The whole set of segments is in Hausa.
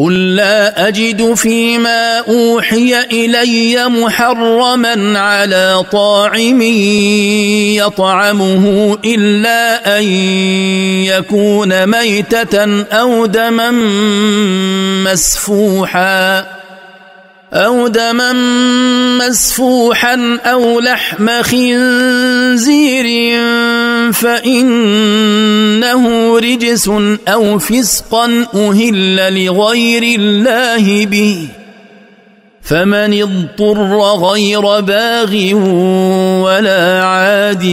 قل لا اجد فيما اوحي الي محرما على طاعم يطعمه الا ان يكون ميته او دما مسفوحا أو دما مسفوحا أو لحم خنزير فإنه رجس أو فسقا أهل لغير الله به فمن اضطر غير باغ ولا عاد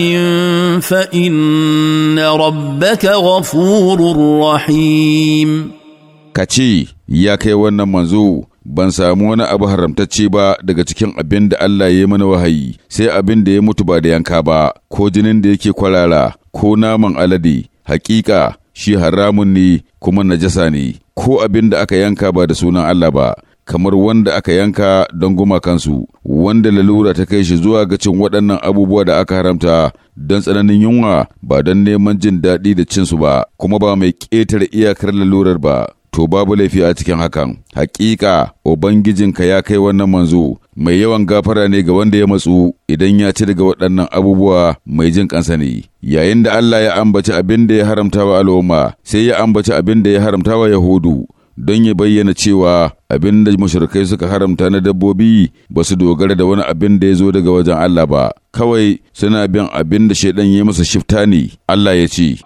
فإن ربك غفور رحيم كتي يا كي ونمزو ban samu wani abu haramtacce ba daga cikin abin da Allah ya mana wahayi sai abin da ya mutu ba da yanka ba ko jinin da yake kwarara ko naman alade hakika shi haramun ne kuma najasa ne ko abin da aka yanka ba da sunan Allah ba kamar wanda aka yanka don gumakansu wanda lalura ta kai shi zuwa ga cin waɗannan abubuwa da aka haramta don tsananin yunwa ba don neman jin daɗi da cinsu ba kuma ba mai ƙetare iyakar lalurar ba to babu laifi a cikin hakan hakika ubangijinka ya kai wannan manzo mai yawan gafara ne ga wanda ya matsu idan ya ci daga waɗannan abubuwa mai jin kansa ne yayin da Allah ya ambaci abin da ya haramta wa al'umma sai ya ambaci abin da ya haramta wa yahudu don ya bayyana cewa abin da mushrikai suka haramta na dabbobi ba su dogara da wani abin da ya zo daga wajen Allah ba kawai suna bin abin da shaidan ya masa shifta ne Allah ya ce